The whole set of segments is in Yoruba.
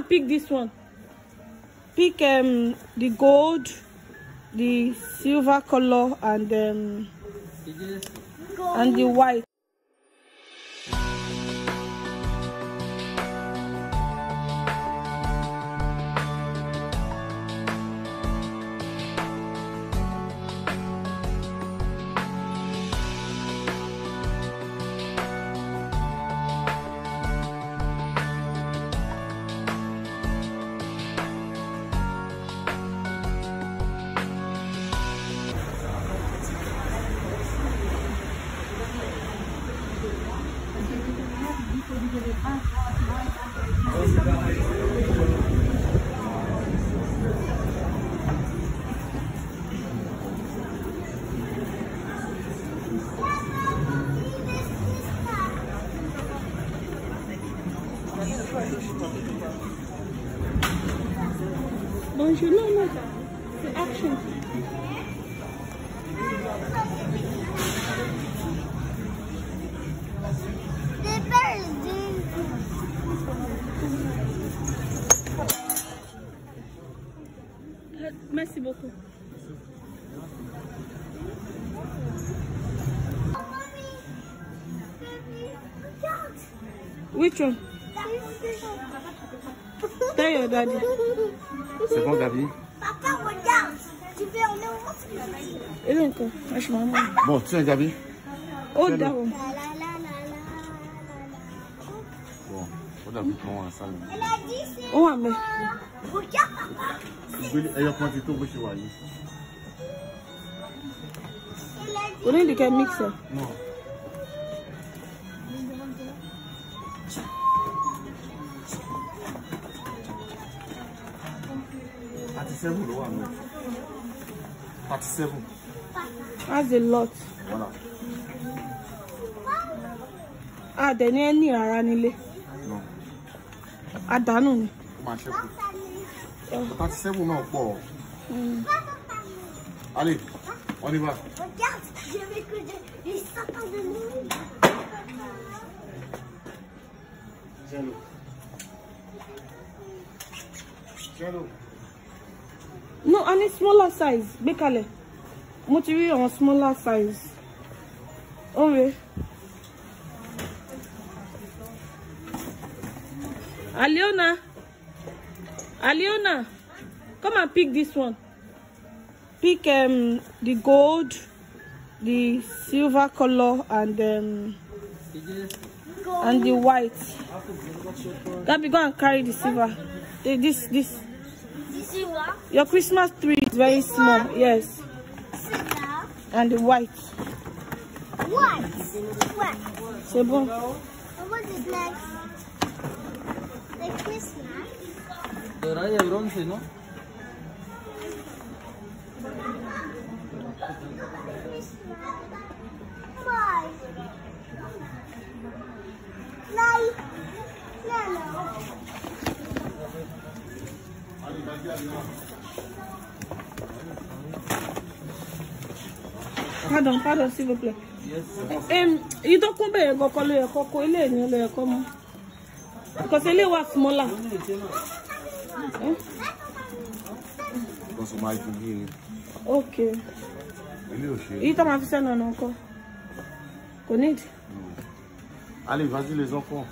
and pick this one pick um the gold the silver color and um and the white Bonjour, madame. C'est action. Merci beaucoup. Which one? Tell C'est bon, Gabi? Papa, regarde. Tu veux, on est Et donc, je euh, Bon, Gabi. Oh, Bon, on a Oh, mais. ẹyọ kan ti tó bó ṣe wà yìí. kò ní ìdíkẹ́ mixer. Thirty seven ló wà nù. Thirty seven. That's a lot. Voilà. A ah, dẹ̀ ní ẹni rárá nílé. Àdánù ni. Ó thirty seven náà pọ̀ hmm. alẹ́ wọ́n ní bá. Jalo. Jalo. No, I need smaller size gbé kalẹ̀. Mo ti rí àwọn smaller size. Oore. Aliona. Aliona, come and pick this one. Pick um the gold, the silver color, and um and the white. Gabi, go and carry the silver. This this. Your Christmas tree is very small. Yes. And the white. White. White. C'est bon. What is next? medalla de bronce, ¿no? Pardon, pardon, s'il vous plaît. Yes. Ìtọ́ kún bẹ̀rẹ̀ kọ́kọ́ ló yẹ kọ́kọ́ ilé ìyẹn ló yẹ kọ́ mọ́. Because ilé wa sùmọ́là. Gosto mais de mim. Ok. E tá mais você não, não, co? Conhece? Allez, vas-y les enfants.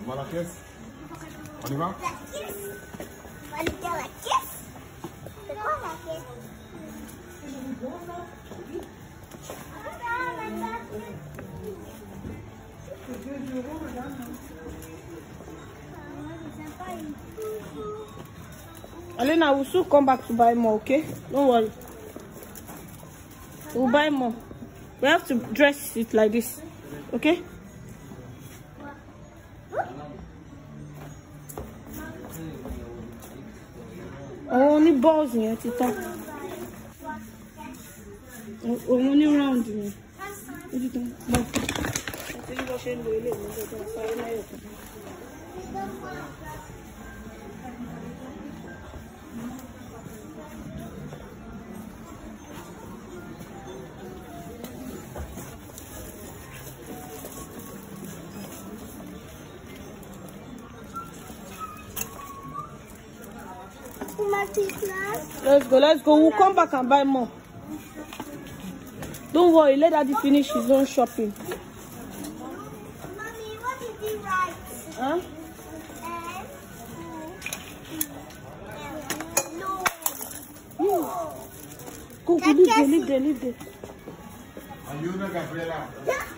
On va à la caisse On Vai va La caisse On va we will soon come back to buy more, okay? Don't worry. We'll buy more. We have to dress it like this, okay? Only balls in to talk. òun ní round ni ó tán mọ́ àti bí wọ́n ṣe ń lo ilé ìmọ̀lẹ́ tó ń sáré láyọ̀ kan. Let's go, let's go. We'll come back and buy more. Don't worry, let daddy finish his own shopping. Mommy, what did you write? Huh? Go, No. Go, leave there, leave there, leave there. Ayuda, Gabriela.